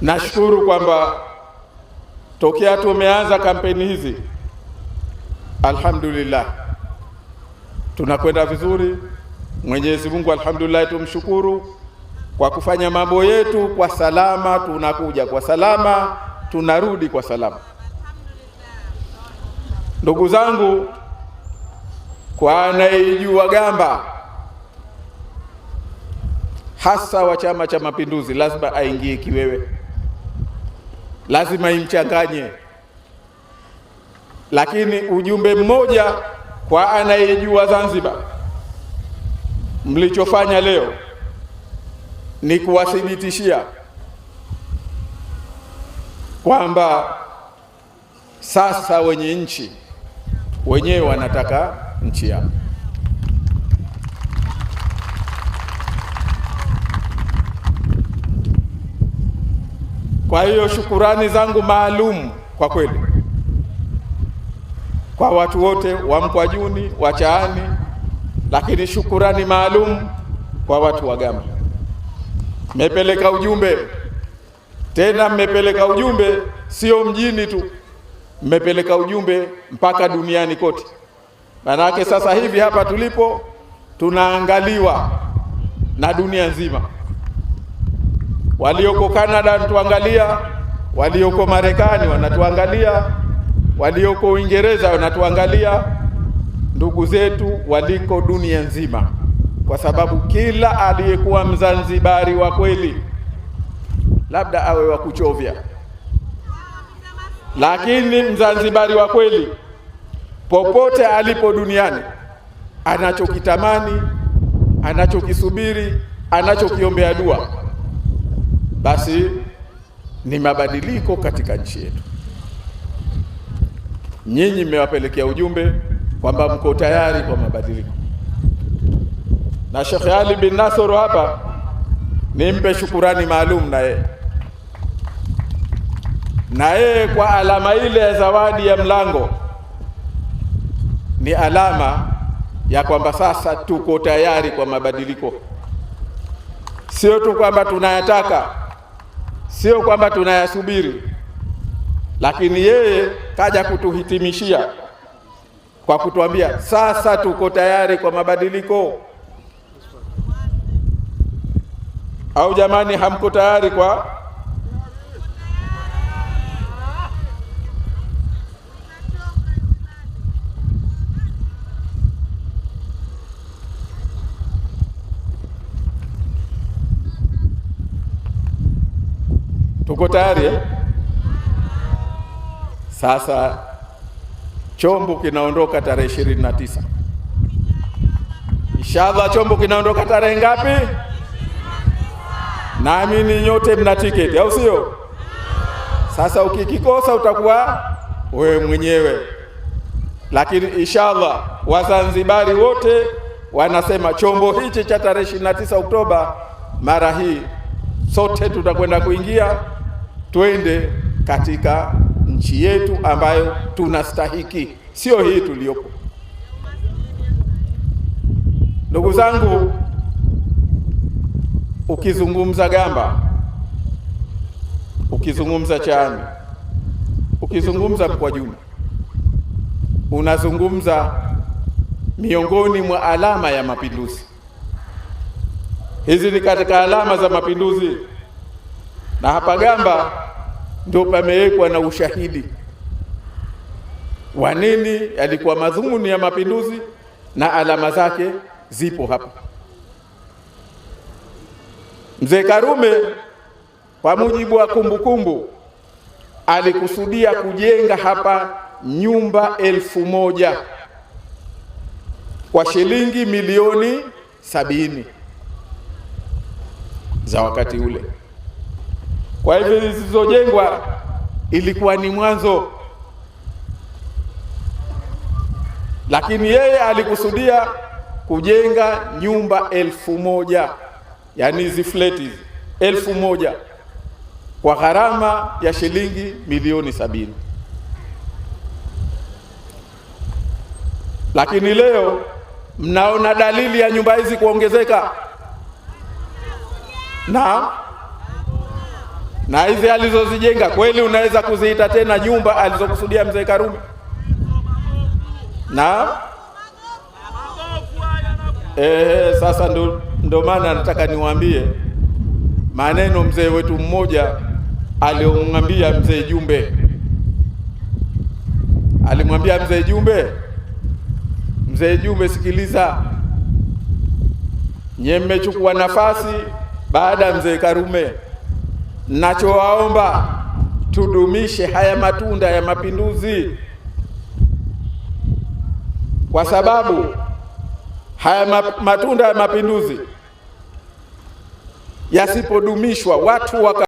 Nashukuru kwamba tokea tumeanza kampeni hizi, alhamdulillah, tunakwenda vizuri. Mwenyezi Mungu alhamdulillah, tumshukuru kwa kufanya mambo yetu kwa salama, tunakuja kwa salama, tunarudi kwa salama. Ndugu zangu, kwa anayejua Gamba hasa wa Chama cha Mapinduzi lazima aingie kiwewe lazima imchanganye, lakini ujumbe mmoja kwa anayejua Zanzibar, mlichofanya leo ni kuwathibitishia kwamba sasa wenye nchi wenyewe wanataka nchi yao. Kwa hiyo shukurani zangu maalum kwa kweli kwa watu wote wa Mkwajuni, wa Chaani, lakini shukurani maalum kwa watu wa Gamba. Mmepeleka ujumbe tena, mmepeleka ujumbe sio mjini tu, mmepeleka ujumbe mpaka duniani kote. Maanake sasa hivi hapa tulipo tunaangaliwa na dunia nzima walioko Canada wanatuangalia, walioko Marekani wanatuangalia, walioko Uingereza wanatuangalia, ndugu zetu waliko dunia nzima, kwa sababu kila aliyekuwa Mzanzibari wa kweli labda awe wa kuchovya, lakini Mzanzibari wa kweli popote alipo duniani, anachokitamani, anachokisubiri, anachokiombea dua basi ni mabadiliko katika nchi yetu. Nyinyi mmewapelekea ujumbe kwamba mko tayari kwa mabadiliko, na Sheikh Ali bin Nasoro hapa nimpe shukurani maalum na yeye na yeye kwa alama ile ya zawadi ya mlango, ni alama ya kwamba sasa tuko tayari kwa mabadiliko, sio tu kwamba tunayataka sio kwamba tunayasubiri, lakini yeye kaja kutuhitimishia kwa kutuambia sasa tuko tayari kwa mabadiliko. Au jamani, hamko tayari kwa Tuko tayari eh? Sasa chombo kinaondoka tarehe ishirini na tisa. Inshallah chombo kinaondoka tarehe ngapi? Naamini nyote mna tiketi au sio? Sasa ukikikosa utakuwa wewe mwenyewe, lakini inshallah Wazanzibari wote wanasema chombo hichi cha tarehe 29 Oktoba, mara hii sote tutakwenda kuingia twende katika nchi yetu ambayo tunastahiki, sio hii tuliyopo. Ndugu zangu, ukizungumza Gamba, ukizungumza Chaani, ukizungumza jumla, unazungumza miongoni mwa alama ya mapinduzi. Hizi ni katika alama za mapinduzi na hapa Gamba ndio pamewekwa na ushahidi wa nini yalikuwa madhumuni ya mapinduzi, na alama zake zipo hapa. Mzee Karume kwa mujibu wa kumbukumbu alikusudia kujenga hapa nyumba elfu moja kwa shilingi milioni sabini za wakati ule. Kwa hivyo zilizojengwa ilikuwa ni mwanzo, lakini yeye alikusudia kujenga nyumba elfu moja yani hizi fleti elfu moja kwa gharama ya shilingi milioni sabini. Lakini leo mnaona dalili ya nyumba hizi kuongezeka na na hizi alizozijenga kweli unaweza kuziita tena nyumba alizokusudia mzee Karume? Na ehe, sasa ndo, ndo maana nataka niwaambie maneno mzee wetu mmoja aliyomwambia mzee Jumbe, alimwambia mzee Jumbe, mzee Jumbe, sikiliza, nyie mmechukua nafasi baada ya mzee Karume Nachowaomba tudumishe haya matunda ya mapinduzi, kwa sababu haya matunda ya mapinduzi yasipodumishwa watu waka